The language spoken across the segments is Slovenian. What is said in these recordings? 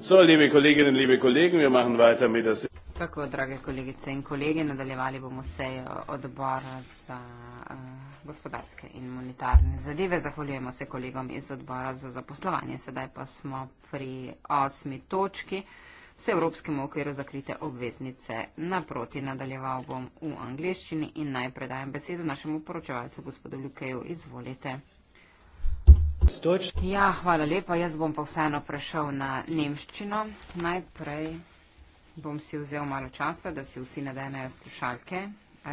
So, liebe Kolleginnen, liebe Kollegen, wir machen weiter mit der Tako, drage kolegice in kolege, nadaljevali bomo sejo odbora za uh, gospodarske in monetarne zadeve. Zahvaljujemo se kolegom iz odbora za zaposlovanje. Sedaj pa smo pri osmi točki. Vse evropskemu okviru zakrite obveznice naproti. Nadaljeval bom v angliščini in naj predajem besedo našemu poročevalcu, gospodu Ljukeju. Izvolite. Ja, hvala lepa. Jaz bom pa vseeno prešel na nemščino. Najprej bom si vzel malo časa, da si vsi nadenejo slušalke.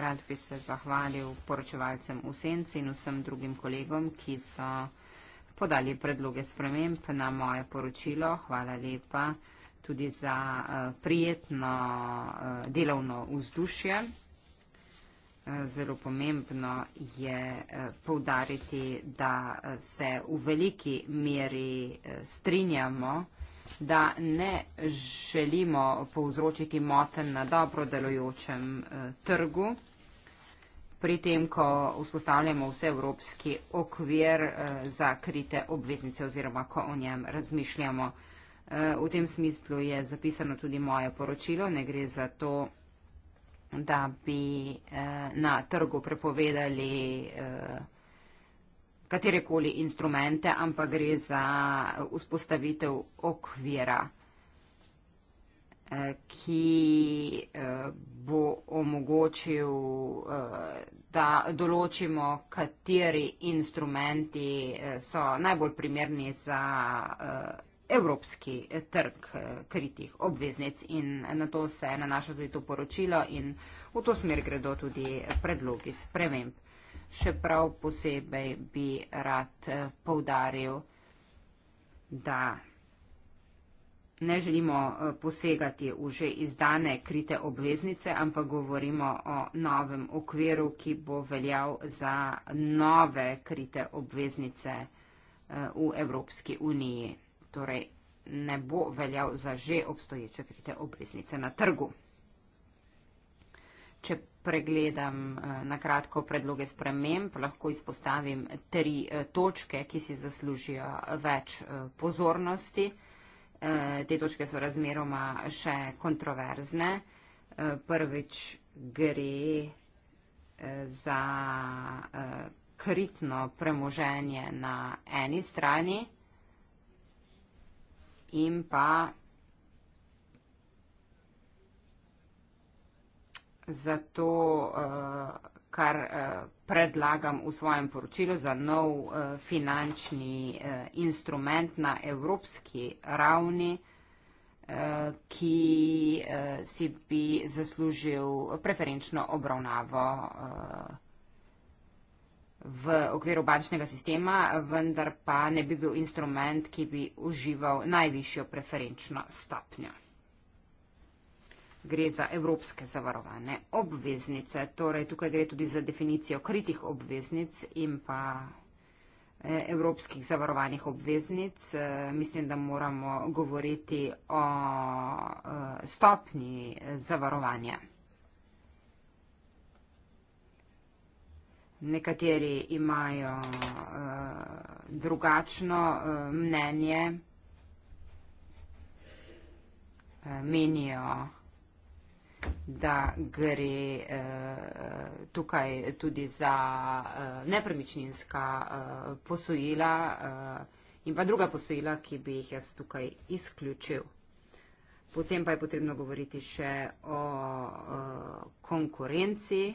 Rad bi se zahvalil poročevalcem v senci in vsem drugim kolegom, ki so podali predloge sprememb na moje poročilo. Hvala lepa tudi za uh, prijetno uh, delovno vzdušje zelo pomembno je eh, poudariti, da eh, se v veliki meri eh, strinjamo, da ne želimo povzročiti moten na dobro delojočem trgu. Pri tem, ko vzpostavljamo vse evropski okvir za krite obveznice oziroma ko o njem razmišljamo. V tem smislu je zapisano tudi moje poročilo, ne gre za to, da bi eh, na trgu prepovedali eh, katerekoli instrumente, ampak gre za eh, vzpostavitev okvira, eh, ki eh, bo omogočil, eh, da določimo, kateri instrumenti eh, so najbolj primerni za. Eh, evropski eh, trg eh, kritih obveznic in na to se nanaša tudi to poročilo in v to smer gredo tudi predlogi sprememb. Še prav posebej bi rad eh, povdaril, da ne želimo posegati v že izdane krite obveznice, ampak govorimo o novem okviru, ki bo veljal za nove krite obveznice v Evropski uniji torej ne bo veljal za že obstoječe krite obveznice na trgu. Če pregledam eh, na kratko predloge sprememb, lahko izpostavim tri eh, točke, ki si zaslužijo več eh, pozornosti. Te točke so razmeroma še kontroverzne. Prvič gre za kritno premoženje na eni strani in pa za to, eh, kar eh, predlagam v svojem poročilu za nov eh, finančni instrument na evropski ravni, ki si bi zaslužil preferenčno obravnavo v okviru bančnega sistema, vendar pa ne bi bil instrument, ki bi užival najvišjo preferenčno stopnjo. Gre za evropske zavarovane obveznice, torej tukaj gre tudi za definicijo kritih obveznic in pa eh, evropskih zavarovanih obveznic. Eh, mislim, da moramo govoriti o eh, stopni zavarovanja. nekateri imajo uh, drugačno uh, mnenje, uh, menijo, da gre uh, tukaj tudi za uh, nepremičninska uh, posojila uh, in pa druga posojila, ki bi jih jaz tukaj izključil. Potem pa je potrebno govoriti še o, o konkurenci.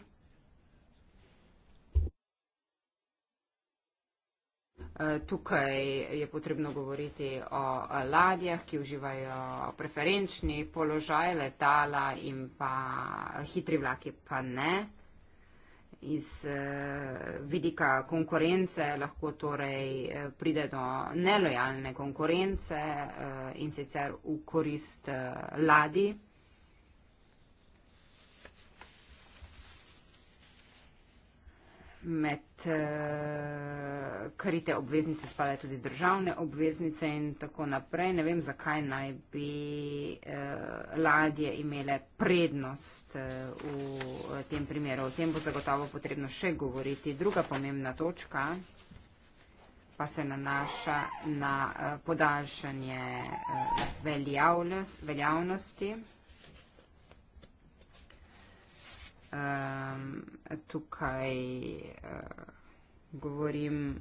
Tukaj je potrebno govoriti o ladjah, ki uživajo preferenčni položaj letala in pa hitri vlaki pa ne. Iz eh, vidika konkurence lahko torej eh, pride do nelojalne konkurence eh, in sicer v korist ladji. med eh, krite obveznice spada tudi državne obveznice in tako naprej. Ne vem, zakaj naj bi eh, ladje imele prednost eh, v tem primeru. O tem bo zagotovo potrebno še govoriti. Druga pomembna točka pa se nanaša na podaljšanje veljavnosti. um, tukaj uh, govorim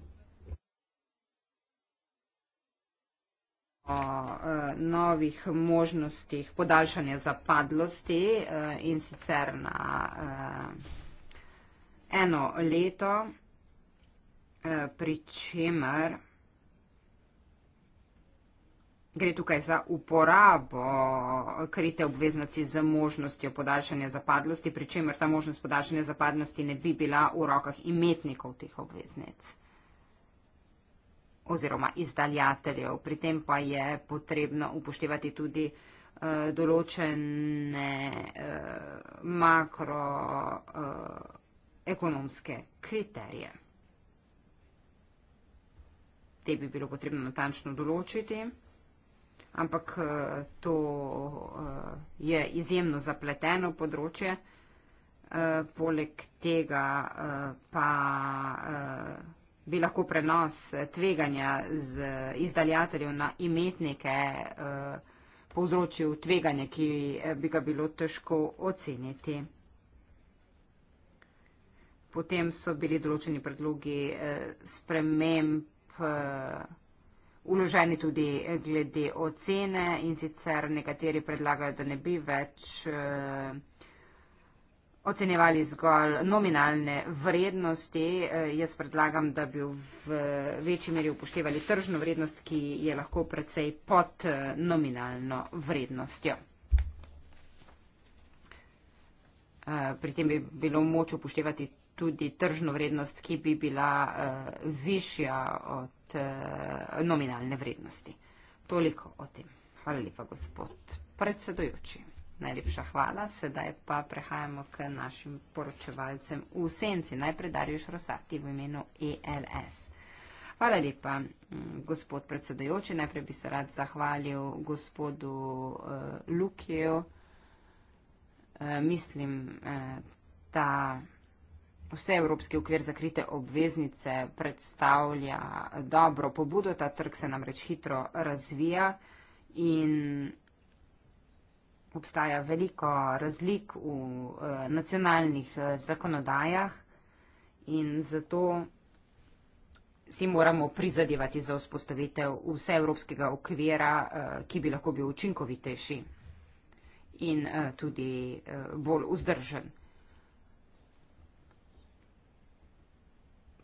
o uh, novih možnostih podaljšanja zapadlosti uh, in sicer na uh, eno leto, uh, pri čemer uh, Gre tukaj za uporabo krite obveznosti z možnostjo podaljšanja zapadlosti, pri čemer ta možnost podaljšanja zapadlosti ne bi bila v rokah imetnikov teh obveznic oziroma izdaljateljev. Pri tem pa je potrebno upoštevati tudi uh, določene uh, eh, makroekonomske eh, uh, kriterije. Te bi bilo potrebno natančno določiti ampak eh, to eh, je izjemno zapleteno področje. Eh, poleg tega pa bi lahko prenos tveganja z izdaljateljev na imetnike povzročil tveganje, ki bi ga bilo težko oceniti. Potem so bili določeni predlogi sprememb vloženi tudi glede ocene in sicer nekateri predlagajo, da ne bi več eh, ocenjevali zgolj nominalne vrednosti. Eh, jaz predlagam, da bi v večji meri upoštevali tržno vrednost, ki je lahko precej pod eh, nominalno vrednostjo. Pri tem bi bilo moč upoštevati tudi tudi tržno vrednost, ki bi bila uh, višja od uh, nominalne vrednosti. Toliko o tem. Hvala lepa, gospod predsedujoči. Najlepša hvala. Sedaj pa prehajamo k našim poročevalcem v senci. Najprej Darius Rosati v imenu ELS. Hvala lepa, gospod predsedujoči. Najprej bi se rad zahvalil gospodu uh, Lukiju. Uh, mislim, uh, da vse evropski ukvir za krite obveznice predstavlja dobro pobudo, ta trg se namreč hitro razvija in obstaja veliko razlik v eh, nacionalnih eh, zakonodajah in zato si moramo prizadevati za vzpostavitev vse evropskega okvira, eh, ki bi lahko bil učinkovitejši in tudi bolj vzdržen.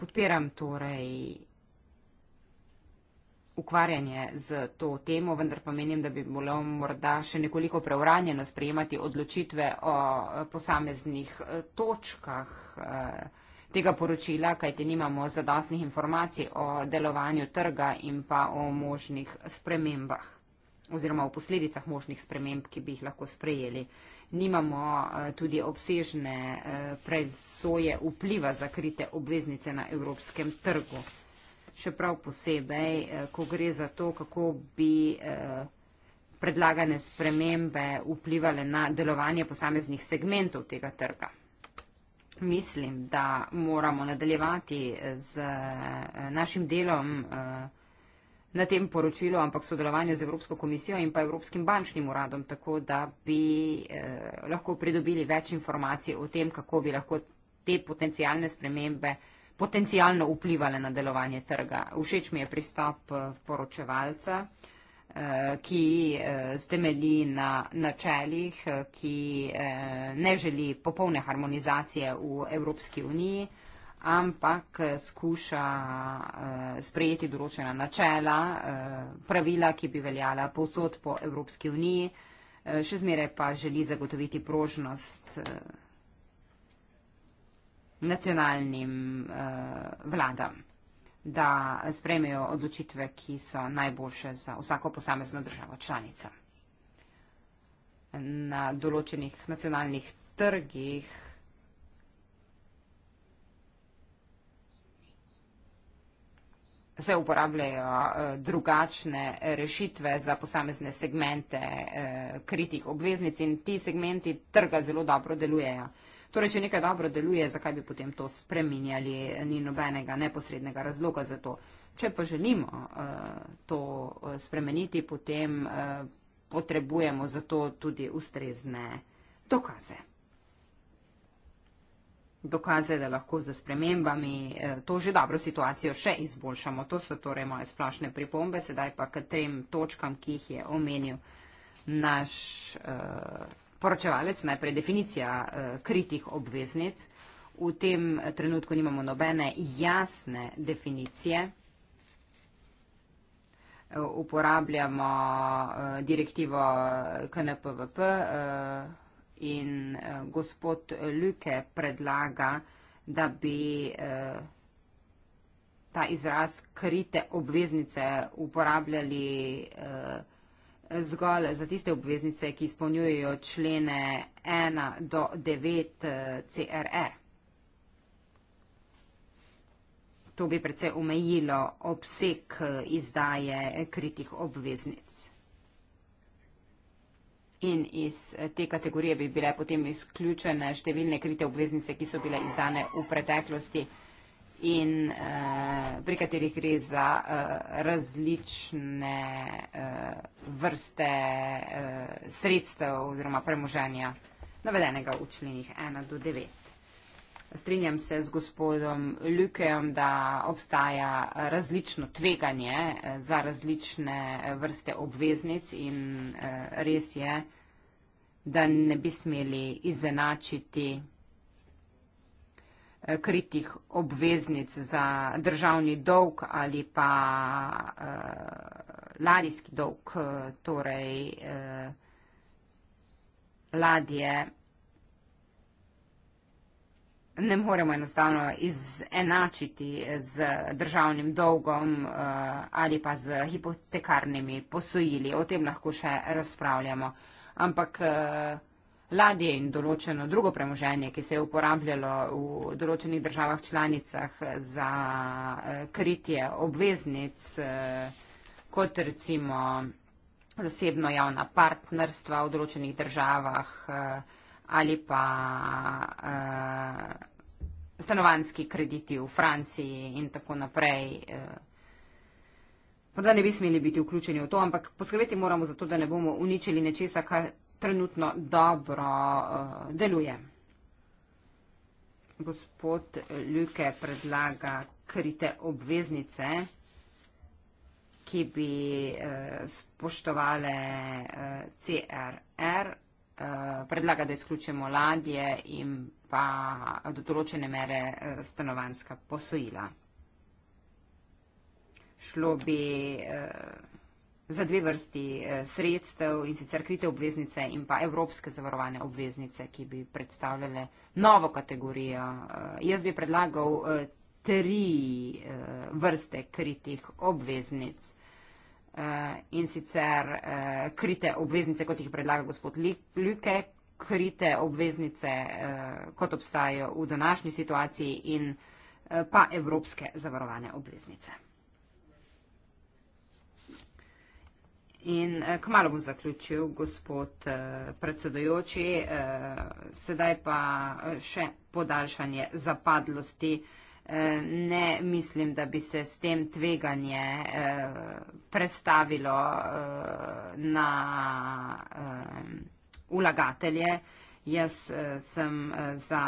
podpiram torej ukvarjanje z to temo, vendar pa menim, da bi bilo morda še nekoliko preuranjeno sprejemati odločitve o eh, posameznih eh, točkah eh, tega poročila, kajti nimamo zadostnih informacij o delovanju trga in pa o možnih spremembah oziroma o posledicah možnih sprememb, ki bi jih lahko sprejeli nimamo eh, tudi obsežne eh, presoje vpliva za krite obveznice na evropskem trgu. Še prav posebej, eh, ko gre za to, kako bi predlagane spremembe vplivale na delovanje posameznih segmentov tega trga. Mislim, da moramo nadaljevati z našim delom na tem poročilu, ampak sodelovanje z Evropsko komisijo in pa Evropskim bančnim uradom, tako da bi eh, lahko pridobili več informacij o tem, kako bi lahko te potencijalne spremembe potencijalno vplivale na delovanje trga. Všeč mi je pristop eh, poročevalca, eh, ki eh, temelji na načelih, eh, ki eh, ne želi popolne harmonizacije v Evropski uniji ampak skuša eh, sprejeti določena načela, eh, pravila, ki bi veljala povsod po Evropski uniji, eh, še zmeraj pa želi zagotoviti prožnost nacionalnim vladam, da sprejmejo odločitve, ki so najboljše za vsako posamezno državo članica. Na določenih nacionalnih trgih se uporabljajo eh, drugačne rešitve za posamezne segmente eh, kritih obveznic in ti segmenti trga zelo dobro delujejo. Torej, če nekaj dobro deluje, zakaj bi potem to spreminjali, ni nobenega neposrednega razloga za to. Če pa želimo eh, to spremeniti, potem potrebujemo za to tudi ustrezne dokaze dokaze, da lahko za spremembami eh, to že dobro situacijo še izboljšamo. To so torej moje splošne pripombe, sedaj pa k trem točkam, ki jih je omenil naš uh, poročevalec, najprej definicija uh, kritih obveznic. V tem trenutku nimamo nobene jasne definicije. Uporabljamo uh, direktivo KNPVP. Uh, in eh, gospod Luke predlaga, da bi eh, ta izraz krite obveznice uporabljali eh, zgolj za tiste obveznice, ki izpolnjujejo člene 1 do 9 CRR. To bi predvsej omejilo obseg izdaje kritih obveznic in iz eh, te kategorije bi bile potem izključene številne krite obveznice, ki so bile izdane v preteklosti in uh, pri katerih gre za uh, različne uh, vrste uh, sredstev oziroma premoženja navedenega v členih 1 do 9. Strinjam se z gospodom Lukejem, da obstaja različno tveganje eh, za različne eh, vrste obveznic in eh, res je, da ne bi smeli izenačiti kritih obveznic za državni dolg ali pa uh, ladijski dolg, torej uh, ladje ne moremo enostavno izenačiti z državnim dolgom eh, ali pa z hipotekarnimi posojili. O tem lahko še razpravljamo. Ampak eh, ladje in določeno drugo premoženje, ki se je uporabljalo v določenih državah članicah za eh, kritje obveznic, kot recimo zasebno javna partnerstva v določenih državah, ali pa uh, eh, stanovanski krediti v Franciji in tako naprej. Eh, morda uh, ne bi smeli biti vključeni v to, ampak poskrbeti moramo za to, da ne bomo uničili nečesa, kar trenutno dobro uh, deluje. Gospod Ljuke predlaga krite obveznice, ki bi eh, spoštovale eh, CRR Eh, predlaga, da izključimo ladje in pa do določene mere eh, stanovanska posojila. Šlo bi eh, za dve vrsti sredstev in sicer krite obveznice in pa evropske zavarovane obveznice, ki bi predstavljale novo kategorijo. Jaz bi predlagal tri vrste kritih obveznic. Eh, in sicer uh, krite obveznice, kot jih predlaga gospod Ljuke, krite obveznice, uh, kot obstajajo v današnji situaciji in uh, pa evropske zavarovane obveznice. In uh, kmalo bom zaključil, gospod uh, predsedojoči, uh, sedaj pa še podaljšanje zapadlosti. Uh, Eh, ne mislim, da bi se s tem tveganje eh, prestavilo eh, na ulagatelje. Jaz sem za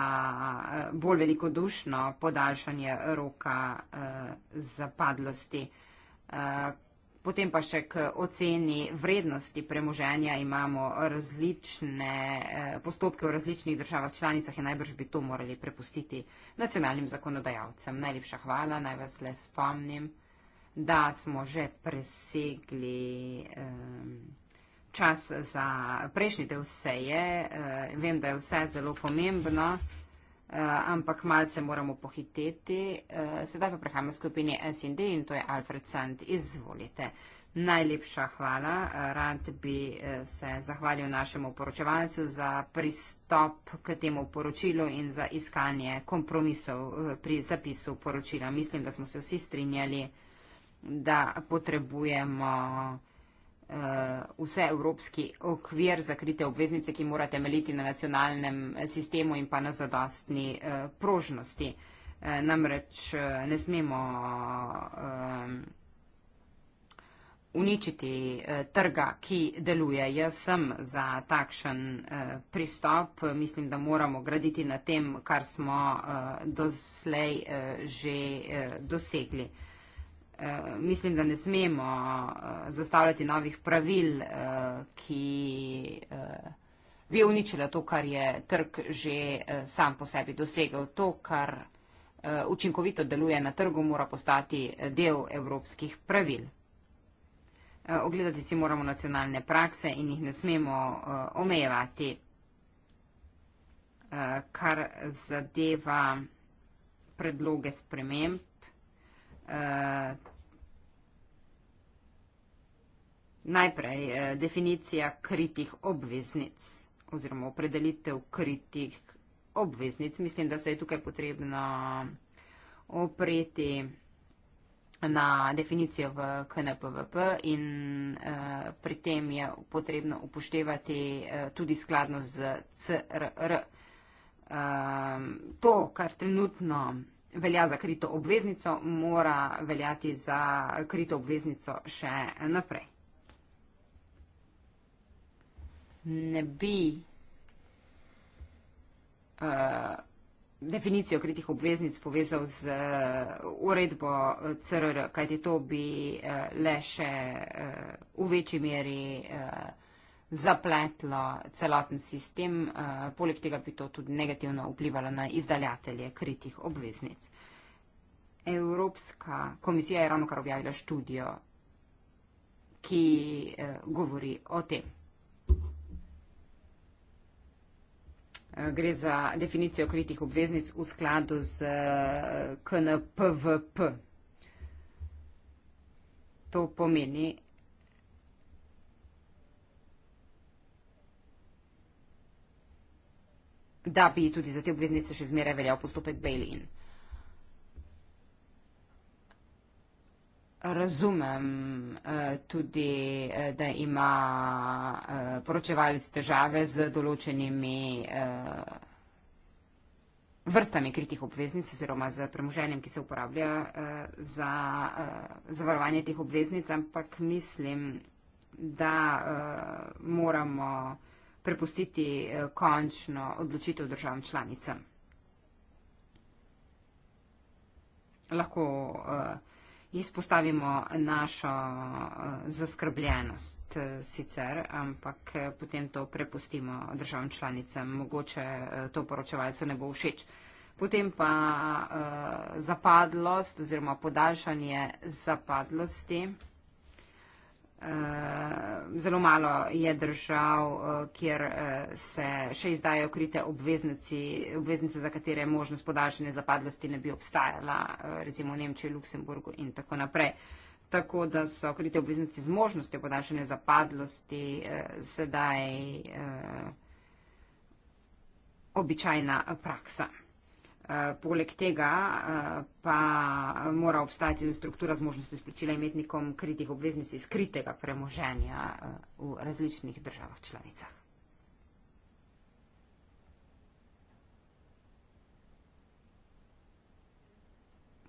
bolj velikodušno podaljšanje roka zapadlosti. Potem pa še k oceni vrednosti premoženja imamo različne eh, postopke v različnih državah članicah in najbrž bi to morali prepustiti nacionalnim zakonodajalcem. Najlepša hvala, naj vas le spomnim, da smo že presegli čas za prejšnji del seje. Eh, vem, da je vse zelo pomembno. Uh, ampak malce moramo pohiteti. Uh, sedaj pa prehajamo v skupini SND in to je Alfred Sand. Izvolite. Najlepša hvala. Uh, rad bi uh, se zahvalil našemu poročevalcu za pristop k temu poročilu in za iskanje kompromisov uh, pri zapisu poročila. Mislim, da smo se vsi strinjali, da potrebujemo. Uh, Eh, vse evropski okvir za krite obveznice, ki mora temeljiti na nacionalnem sistemu in pa na zadostni eh, prožnosti. Eh, namreč ne smemo uničiti trga, ki deluje. Jaz sem za takšen pristop. Mislim, da moramo graditi na tem, kar smo doslej že dosegli. Eh, mislim, da ne smemo uh, zastavljati novih pravil, uh, ki uh, bi uničila to, kar je trg že uh, sam po sebi dosegel. To, kar uh, učinkovito deluje na trgu, mora postati del evropskih pravil. Uh, ogledati si moramo nacionalne prakse in jih ne smemo uh, omejevati. Uh, kar zadeva predloge sprememb, Eh, najprej eh, definicija kritih obveznic oziroma opredelitev kritih obveznic. Mislim, da se je tukaj potrebno opreti na definicijo v KNPVP in eh, pri tem je potrebno upoštevati eh, tudi skladnost z CRR. Eh, to, kar trenutno velja za krito obveznico, mora veljati za krito obveznico še naprej. Ne bi uh, definicijo kritih obveznic povezal z eh, uredbo CRR, kajti to bi uh, le še uh, v večji meri. Uh, zapletlo celoten sistem, eh, poleg tega bi to tudi negativno vplivalo na izdaljatelje kritih obveznic. Evropska komisija je ravno kar objavila študijo, ki eh, govori o tem. Eh, gre za definicijo kritih obveznic v skladu z KNPVP. To pomeni, da bi tudi za te obveznice še zmeraj veljal postopek bail-in. Razumem eh, tudi, eh, da ima eh, poročevalec težave z določenimi vrstami kritih obveznic oziroma z premoženjem, ki se uporablja za zavarovanje teh obveznic, ampak mislim, da moramo vsega, prepustiti eh, končno odločitev državam članicam. Lahko eh, izpostavimo našo eh, zaskrbljenost sicer, ampak potem to prepustimo državam članicam. Mogoče to poročevalce ne bo všeč. Potem pa zapadlost oziroma podaljšanje zapadlosti. Eh, zelo malo je držav, eh, kjer eh, se še izdajo krite obveznice, za katere možnost podaljšanja zapadlosti ne bi obstajala, recimo v Nemčiji, Luksemburgu in tako naprej. Tako da so krite obveznice z možnostjo podaljšanja zapadlosti sedaj običajna praksa. Eh, poleg tega eh, pa mora obstati struktura zmožnosti splačila imetnikom kritih obveznic iz kritega premoženja eh, v različnih državah članicah.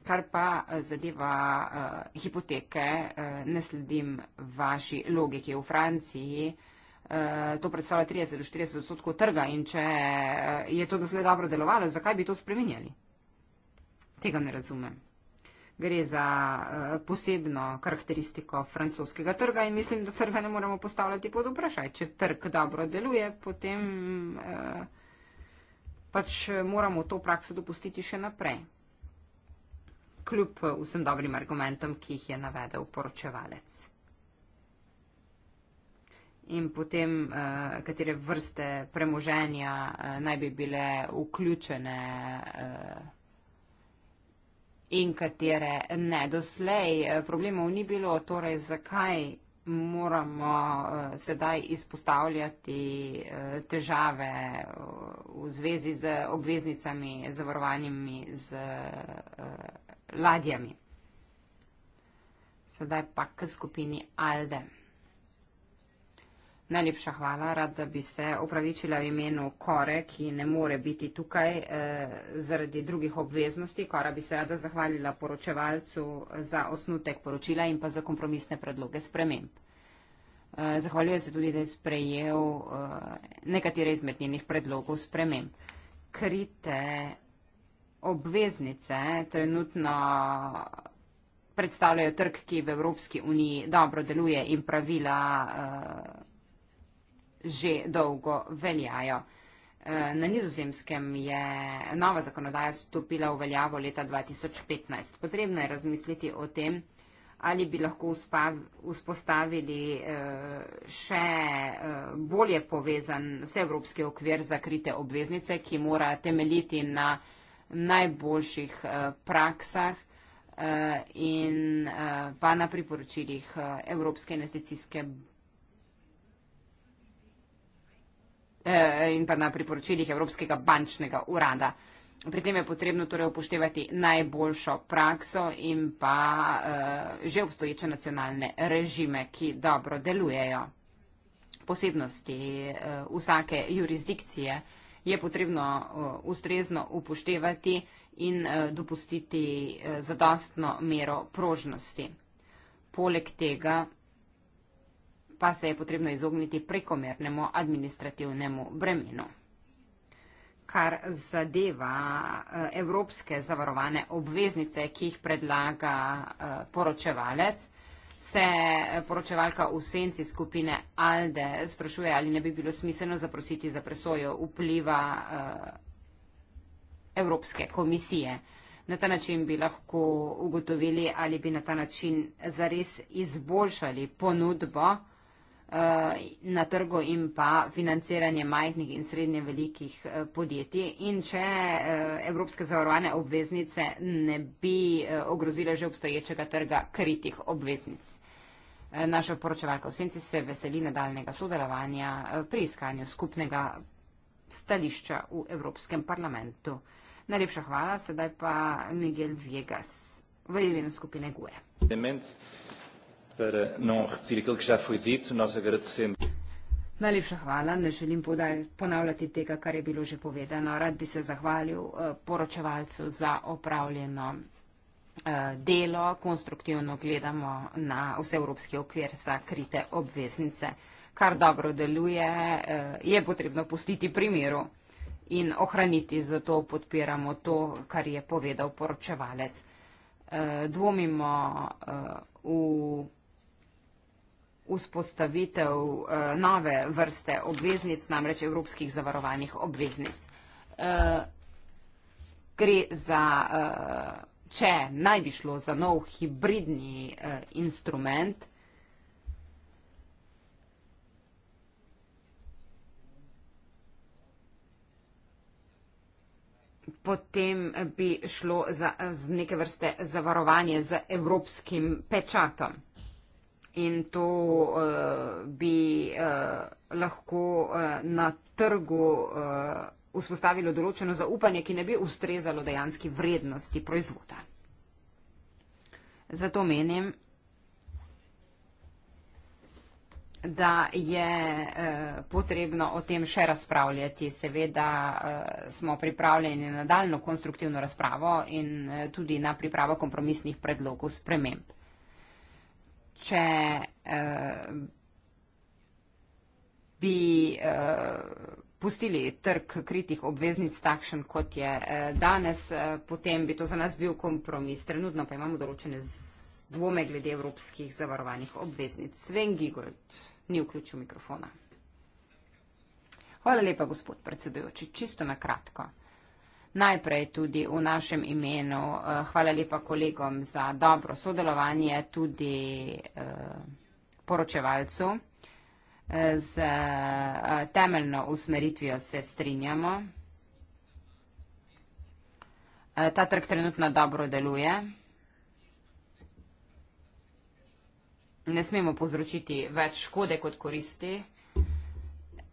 Kar pa zadeva hipoteke, ne sledim vaši logiki v Franciji, Eh, to predstavlja 30 do 40 odstotkov trga in če eh, je to do zdaj dobro delovalo, zakaj bi to spremenjali? Tega ne razumem. Gre za eh, posebno karakteristiko francoskega trga in mislim, da trga ne moremo postavljati pod vprašaj. Če trg dobro deluje, potem pač moramo to prakso dopustiti še naprej. Kljub vsem dobrim argumentom, ki jih je navedel poročevalec in potem, eh, katere vrste premoženja eh, naj bi bile vključene eh, in katere ne. Doslej problemov ni bilo, torej zakaj moramo sedaj izpostavljati težave v zvezi z obveznicami, zavarovanjimi z ladjami. Sedaj pa k skupini Aldem. Najlepša hvala, rad da bi se opravičila v imenu Kore, ki ne more biti tukaj eh, zaradi drugih obveznosti. Kora bi se rada zahvalila poročevalcu za osnutek poročila in pa za kompromisne predloge sprememb. Eh, zahvaljuje se tudi, da je sprejel eh, nekatere izmed njenih predlogov sprememb. Krite obveznice trenutno predstavljajo trg, ki v Evropski uniji dobro deluje in pravila. Eh, že dolgo veljajo. Eh, na nizozemskem je nova zakonodaja stopila v veljavo leta 2015. Potrebno je razmisliti o tem, ali bi lahko vzpostavili eh, še eh, bolje povezan vseevropski okvir za krite obveznice, ki mora temeljiti na najboljših praksah in pa na priporočilih Evropske investicijske banke. Eh, in pa na priporočilih Evropskega bančnega urada. Pri tem je potrebno torej upoštevati najboljšo prakso in pa eh, že obstoječe nacionalne režime, ki dobro delujejo. Posebnosti eh, vsake jurisdikcije je potrebno ustrezno upoštevati in dopustiti zadostno mero prožnosti. Poleg tega pa se je potrebno izogniti prekomernemu administrativnemu bremenu. Kar zadeva eh, evropske zavarovane obveznice, ki jih predlaga eh, poročevalec, se eh, poročevalka v senci skupine ALDE sprašuje, ali ne bi bilo smiselno zaprositi za presojo vpliva Evropske komisije. Na ta način bi lahko ugotovili, ali bi na ta način zares izboljšali ponudbo, Eh, na trgu in pa financiranje majhnih in srednje velikih eh, podjetij. In če eh, evropske zavarovane obveznice ne bi ogrozile že obstoječega trga kritih obveznic. Naša poročevalka v senci se veseli nadaljnega sodelovanja pri iskanju skupnega stališča v Evropskem parlamentu. Najlepša hvala, sedaj pa Miguel Viegas v imenu skupine GUE. Element. Para não repetir aquilo que já foi dito, nós agradecemos. Najlepša hvala, ne želim ponavljati tega, kar je bilo že povedano. Rad bi se zahvalil eh, poročevalcu za opravljeno eh, delo. Konstruktivno gledamo na vseevropski okvir za krite obveznice, kar dobro deluje, eh, je potrebno pustiti pri miru in ohraniti, zato podpiramo to, kar je povedal poročevalec. Dvomimo v vzpostavitev uh, nove vrste obveznic, namreč evropskih zavarovanih obveznic. Uh, gre za, uh, če naj bi šlo za nov hibridni uh, instrument, potem bi šlo za, z neke vrste zavarovanje z evropskim pečatom in to uh, bi uh, lahko uh, na trgu uh, vzpostavilo določeno zaupanje, ki ne bi ustrezalo dejanski vrednosti proizvoda. Zato menim, da je eh, potrebno o tem še razpravljati. Seveda eh, smo pripravljeni na daljno konstruktivno razpravo in eh, tudi na pripravo kompromisnih predlogov sprememb c'è uh, eh, bi uh, pustili trg kritih obveznic takšen, kot je uh, danes, uh, potem bi to za nas bil kompromis. Trenutno pa imamo določene dvome glede evropskih zavarovanih obveznic. Sven Gigold ni vključil mikrofona. Hvala lepa, gospod predsedujoči. Čisto na kratko najprej tudi v našem imenu. Eh, hvala lepa kolegom za dobro sodelovanje, tudi eh, poročevalcu. Eh, z temeljno usmeritvijo se strinjamo. Ta trg trenutno dobro deluje. Ne smemo povzročiti več škode kot koristi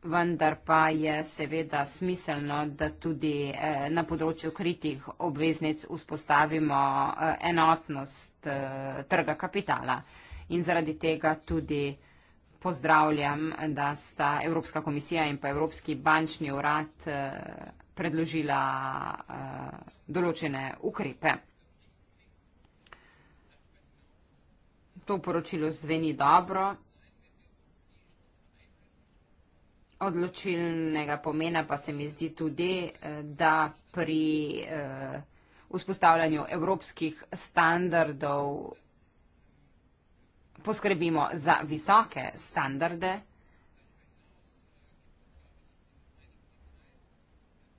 vendar pa je seveda smiselno, da tudi eh, na področju kritih obveznic vzpostavimo eh, enotnost eh, trga kapitala. In zaradi tega tudi pozdravljam, da sta Evropska komisija in pa Evropski bančni urad predložila določene ukrepe. To poročilo zveni dobro, odločilnega pomena pa se mi zdi tudi, eh, da pri eh, vzpostavljanju evropskih standardov poskrbimo za visoke standarde.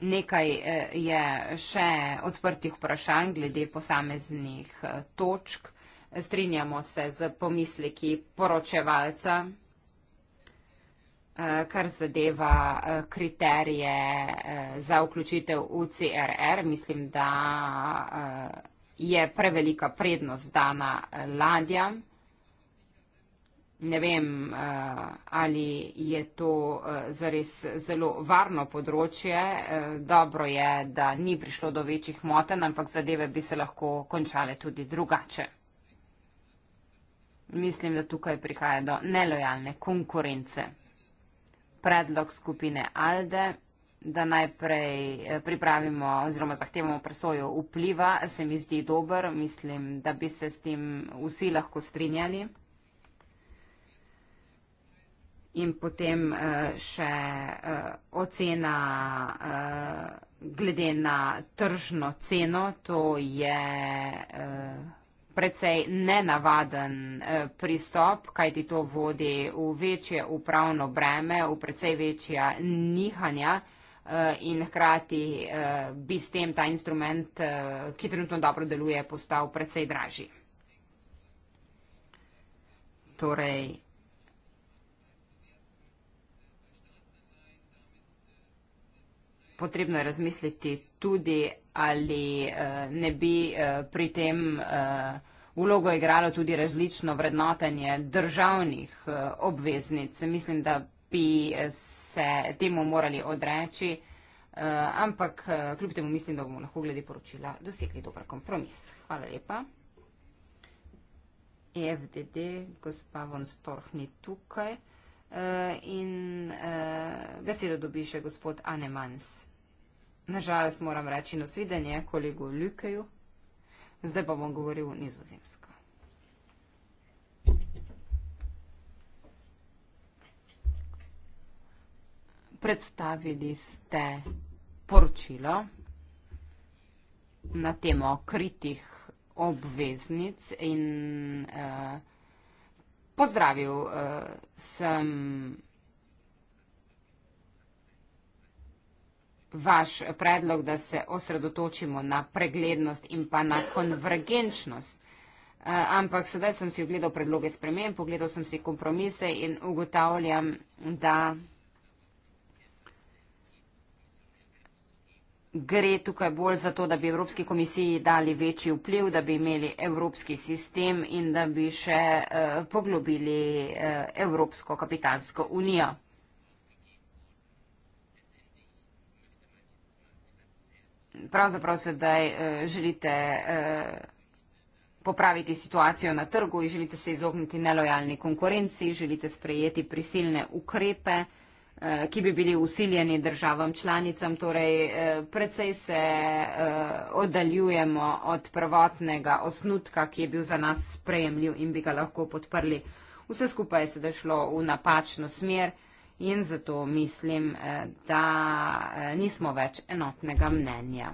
Nekaj eh, je še odprtih vprašanj glede posameznih točk. Strinjamo se z pomisleki poročevalca. Eh, kar zadeva eh, kriterije eh, za vključitev v CRR. Mislim, da je prevelika prednost dana ladja. Ne vem, ali je to zares zelo varno področje. Dobro je, da ni prišlo do večjih moten, ampak zadeve bi se lahko končale tudi drugače. Mislim, da tukaj prihaja do nelojalne konkurence predlog skupine Alde da najprej eh, pripravimo oziroma zahtevamo presojo vpliva, se mi zdi dober, mislim, da bi se s tem vsi lahko strinjali. In potem eh, še eh, ocena glede na tržno ceno, to je precej nenavaden eh, pristop, kajti to vodi v večje upravno breme, v precej večja nihanja eh, in hkrati eh, bi s tem ta instrument, ki trenutno dobro deluje, postal precej dražji. Torej, potrebno je razmisliti tudi ali uh, ne bi uh, pri tem uh, vlogo igralo tudi različno vrednotenje državnih uh, obveznic. Mislim, da bi se temu morali odreči, uh, ampak uh, kljub temu mislim, da bomo lahko glede poročila dosegli dober kompromis. Hvala lepa. E FDD, gospa von Storh ni tukaj. Uh, in uh, besedo dobi še gospod Anemans. Nažalost moram reći na svidenje kolegu Ljukeju. Zdaj pa bom govoril nizozemsko. Predstavili ste poročilo na temo kritih obveznic in eh, pozdravil eh, sem vaš predlog, da se osredotočimo na preglednost in pa na konvergenčnost. Eh, ampak sedaj sem si ogledal predloge spremen, pogledal sem si kompromise in ugotavljam, da gre tukaj bolj za to, da bi Evropski komisiji dali večji vpliv, da bi imeli evropski sistem in da bi še eh, poglobili eh, Evropsko kapitalsko unijo. pravzaprav sedaj eh, želite eh, popraviti situacijo na trgu in želite se izogniti nelojalni konkurenci, želite sprejeti prisilne ukrepe, eh, ki bi bili usiljeni državam članicam. Torej, eh, predvsej se eh, oddaljujemo od prvotnega osnutka, ki je bil za nas sprejemljiv in bi ga lahko podprli. Vse skupaj je sedaj šlo v napačno smer. Eh, in zato mislim, eh, da eh, nismo več enotnega mnenja.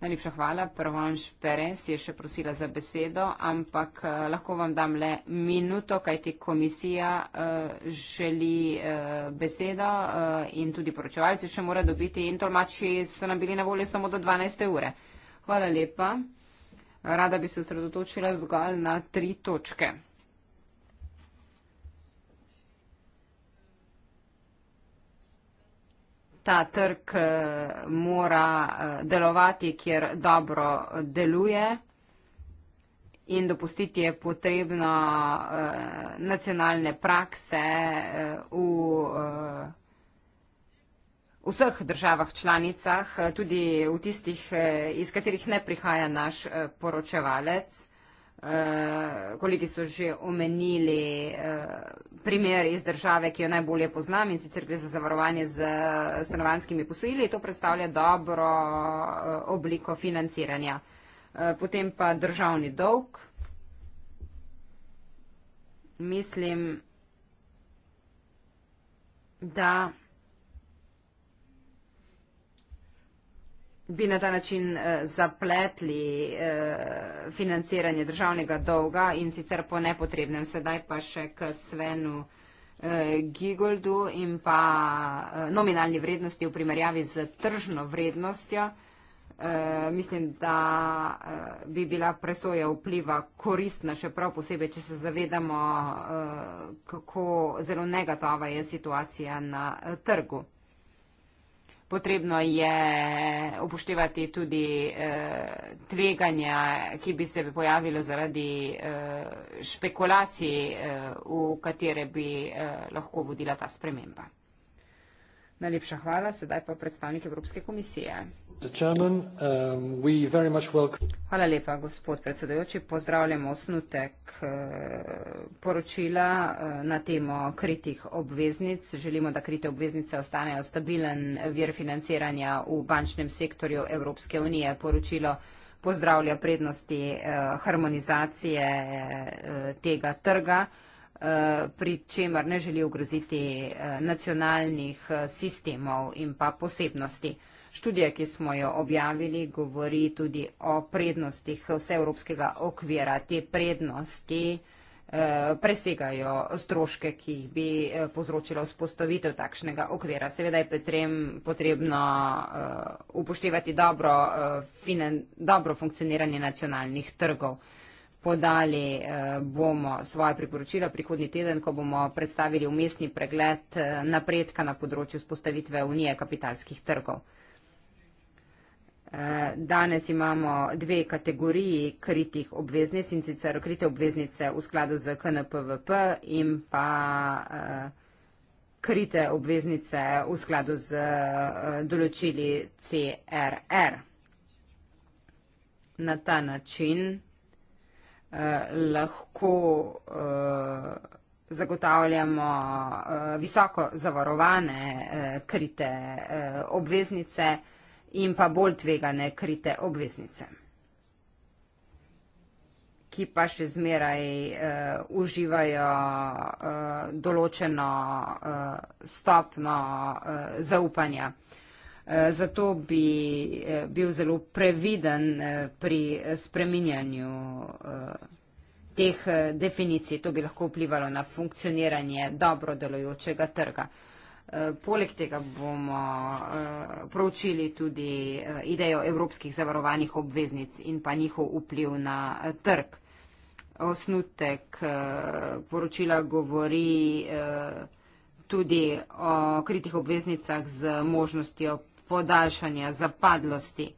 Najlepša hvala. Prvonš Perez je še prosila za besedo, ampak eh, lahko vam dam le minuto, kajti komisija uh, želi uh, besedo uh, in tudi poročevalci še mora dobiti in tolmači so nam bili na voljo samo do 12. ure. Hvala lepa. Rada bi se osredotočila zgolj na tri točke. ta trg eh, mora eh, delovati, kjer dobro deluje in dopustiti je potrebno eh, nacionalne prakse v vseh državah članicah, tudi v tistih, iz katerih ne prihaja naš poročevalec. Kolegi so že omenili primer iz države, ki jo najbolje poznam in sicer gre za zavarovanje z eh, stanovanskimi posojili. To predstavlja dobro eh, obliko financiranja. Eh, potem pa državni dolg. Mislim, da bi na ta način eh, zapletli eh, financiranje državnega dolga in sicer po nepotrebnem. Sedaj pa še k Svenu eh, Gigoldu in pa nominalni vrednosti v primerjavi z tržno vrednostjo. Mislim, da bi bila presoja vpliva koristna, še prav posebej, če se zavedamo, kako zelo negatava je situacija na trgu potrebno je upoštevati tudi eh, tveganja, ki bi se pojavilo zaradi eh, špekulacij, eh, v katere bi eh, lahko vodila ta sprememba. Najlepša hvala, sedaj pa predstavnik Evropske komisije. Chairman, um, welcome... Hvala lepa, gospod predsedojoči. Pozdravljamo osnutek uh, poročila uh, na temo kritih obveznic. Želimo, da krite obveznice ostanejo stabilen vir financiranja v bančnem sektorju Evropske unije. Poročilo pozdravlja prednosti uh, harmonizacije uh, tega trga pri čemer ne želi ogroziti eh, nacionalnih eh, sistemov in pa posebnosti. Študija, ki smo jo objavili, govori tudi o prednostih vseevropskega okvira. Te prednosti eh, presegajo stroške, ki jih bi povzročilo vzpostavitev takšnega okvira. Seveda je potrem, potrebno upoštevati dobro, dobro funkcioniranje nacionalnih trgov. Podali eh, bomo svoje priporočila prihodni teden, ko bomo predstavili umestni pregled eh, napredka na področju spostavitve Unije kapitalskih trgov. Eh, danes imamo dve kategoriji kritih obveznic in sicer krite obveznice v skladu z KNPVP in pa krite obveznice v skladu z določili CRR. Na ta način. Eh, lahko eh, zagotavljamo eh, visoko zavarovane krite obveznice in pa bolj tvegane krite obveznice, ki pa še zmeraj uživajo določeno stopno zaupanja. Eh, zato bi eh, bil zelo previden eh, pri spreminjanju teh definicij. To bi lahko vplivalo na funkcioniranje dobro delojočega trga. Poleg tega bomo proučili tudi idejo evropskih zavarovanih obveznic in pa njihov vpliv na trg. Osnutek poročila govori tudi o kritih obveznicah z možnostjo podaljšanja zapadlosti.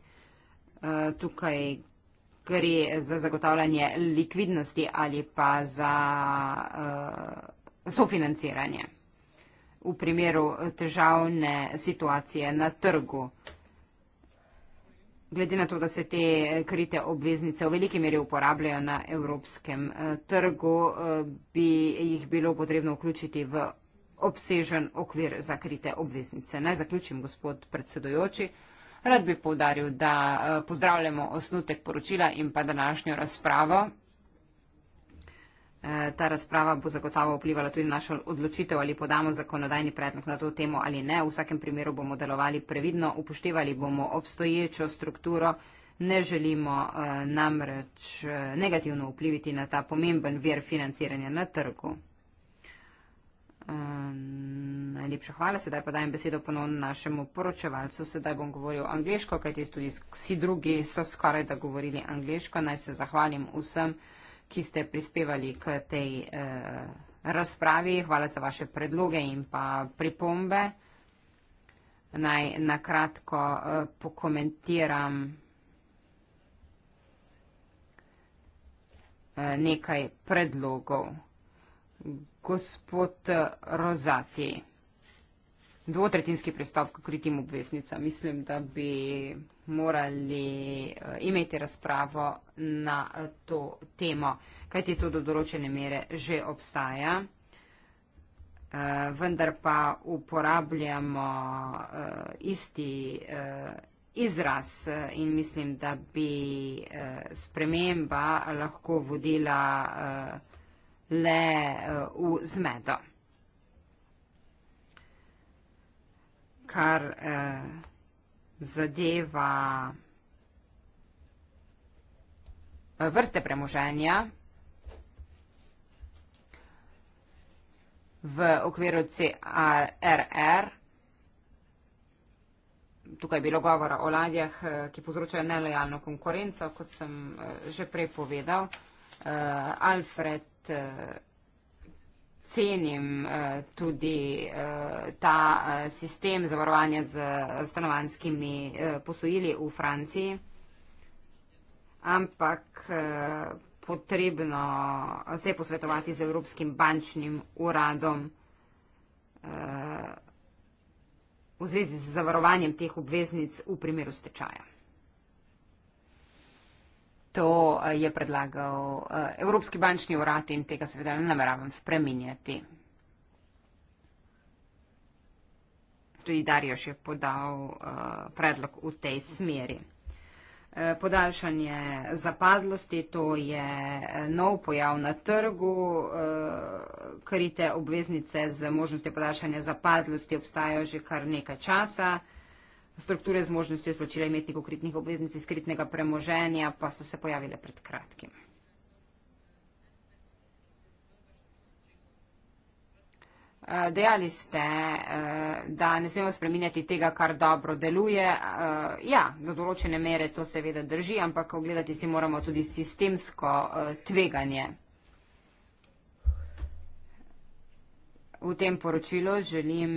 Eh, tukaj gre za zagotavljanje likvidnosti ali pa za eh, sofinanciranje v primeru težavne situacije na trgu. Glede na to, da se te krite obveznice v veliki meri uporabljajo na evropskem eh, trgu, bi jih bilo potrebno vključiti v obsežen okvir za krite obveznice. Naj zaključim, gospod predsedujoči. Rad bi povdaril, da eh, pozdravljamo osnutek poročila in pa današnjo razpravo. Eh, ta razprava bo zagotovo vplivala tudi našo odločitev, ali podamo zakonodajni predlog na to temo ali ne. V vsakem primeru bomo delovali previdno, upoštevali bomo obstoječo strukturo, ne želimo eh, namreč negativno vpliviti na ta pomemben vir financiranja na trgu najlepša hvala. Sedaj pa dajem besedo ponovno našemu poročevalcu. Sedaj bom govoril angliško, kajti tudi vsi drugi so skoraj da govorili angliško. Naj se zahvalim vsem, ki ste prispevali k tej uh, razpravi. Hvala za vaše predloge in pa pripombe. Naj nakratko uh, eh, pokomentiram. Eh, nekaj predlogov gospod eh, Rozati. Dvotretinski pristop k kritim obveznicam. Mislim, da bi morali eh, imeti razpravo na eh, to temo, kajti to do določene mere že obstaja. Vendar pa uporabljamo isti izraz in mislim, da bi sprememba lahko vodila le eh, v zmedo. Kar eh, zadeva eh, vrste premoženja, v okviru CRR, tukaj je bilo govora o ladjah, ki povzročajo nelojalno konkurenco, kot sem že prej povedal, Alfred Eh, cenim eh, tudi eh, ta sistem zavarovanja z stanovanskimi posojili v Franciji, ampak potrebno se posvetovati z Evropskim bančnim uradom v zvezi z zavarovanjem teh obveznic v primeru stečaja. To eh, je predlagal eh, Evropski bančni urad in tega seveda ne nameravam spreminjati. Tudi Darjoš je podal eh, predlog v tej smeri. Podaljšanje zapadlosti, to je nov pojav na trgu, krite obveznice z možnostjo podaljšanja zapadlosti obstajajo že kar nekaj časa strukture zmožnosti odplačila imetnikov kritnih obveznic iz kritnega premoženja pa so se pojavile pred kratkim. Eh, dejali ste, eh, da ne smemo spreminjati tega, kar dobro deluje. Eh, ja, do določene mere to seveda drži, ampak ogledati si moramo tudi sistemsko tveganje. V tem poročilu želim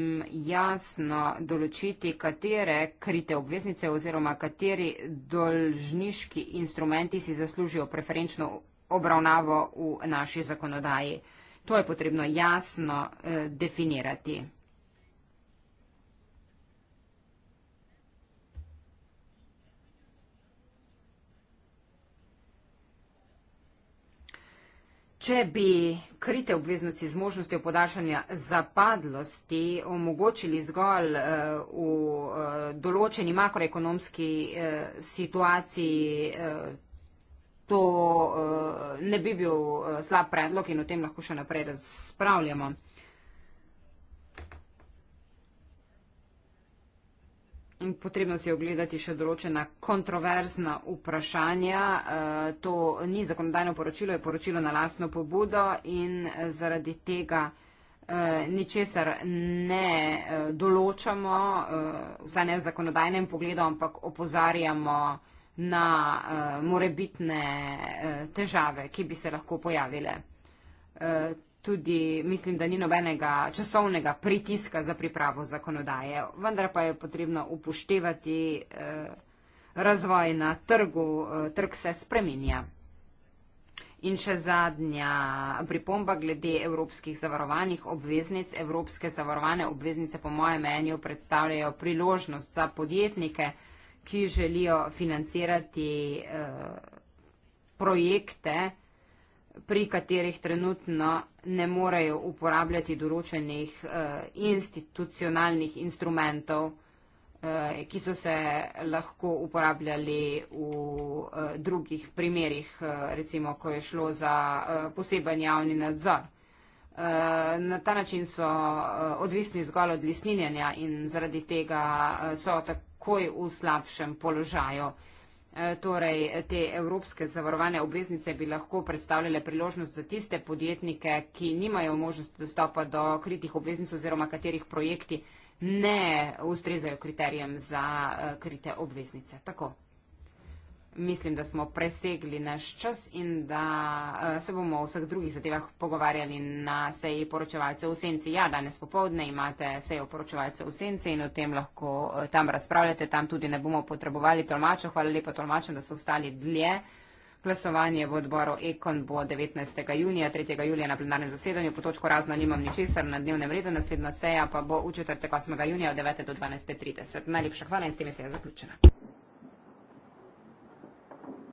jasno določiti, katere krite obveznice oziroma kateri dolžniški instrumenti si zaslužijo preferenčno obravnavo v naši zakonodaji. To je potrebno jasno eh, definirati. Če bi krite obveznosti z možnostjo podaljšanja zapadlosti omogočili zgolj eh, v eh, določeni makroekonomski eh, situaciji, to ne bi bil slab predlog in o tem lahko še naprej razpravljamo. potrebno si ogledati še določena kontroverzna vprašanja. Eh, to ni zakonodajno poročilo, je poročilo na lasno pobudo in zaradi tega eh, ničesar ne eh, določamo, vsaj ne v zakonodajnem pogledu, ampak opozarjamo na morebitne težave, ki bi se lahko pojavile tudi, mislim, da ni nobenega časovnega pritiska za pripravo zakonodaje. Vendar pa je potrebno upoštevati eh, razvoj na trgu, eh, trg se spreminja. In še zadnja pripomba glede evropskih zavarovanih obveznic. Evropske zavarovane obveznice, po mojem menju, predstavljajo priložnost za podjetnike, ki želijo financirati eh, projekte eh, pri katerih trenutno ne morejo uporabljati določenih eh, institucionalnih instrumentov, eh, ki so se lahko uporabljali v eh, drugih primerjih, recimo, ko je šlo za poseben javni nadzor. Na ta način so odvisni zgolj od lisninjanja in zaradi tega so takoj v slabšem položaju. Eh, torej, te evropske zavarovane obveznice bi lahko predstavljale priložnost za tiste podjetnike, ki nimajo možnosti dostopa do kritih obveznic oziroma katerih projekti ne ustrezajo kriterijem za eh, krite obveznice. Tako mislim, da smo presegli naš čas in da eh, se bomo o vseh drugih zadevah pogovarjali na seji poročevalcev v Senci. Ja, danes popovdne imate sejo poročevalcev v Senci in o tem lahko eh, tam razpravljate. Tam tudi ne bomo potrebovali tolmačev. Hvala lepa tolmačem, da so ostali dlje. Glasovanje v odboru Ekon bo 19. junija, 3. julija na plenarnem zasedanju. Po točko razno nimam ničesar na dnevnem redu. Naslednja seja pa bo v četrtek 8. junija od 9. do 12.30. Najlepša hvala in s tem je seja zaključena.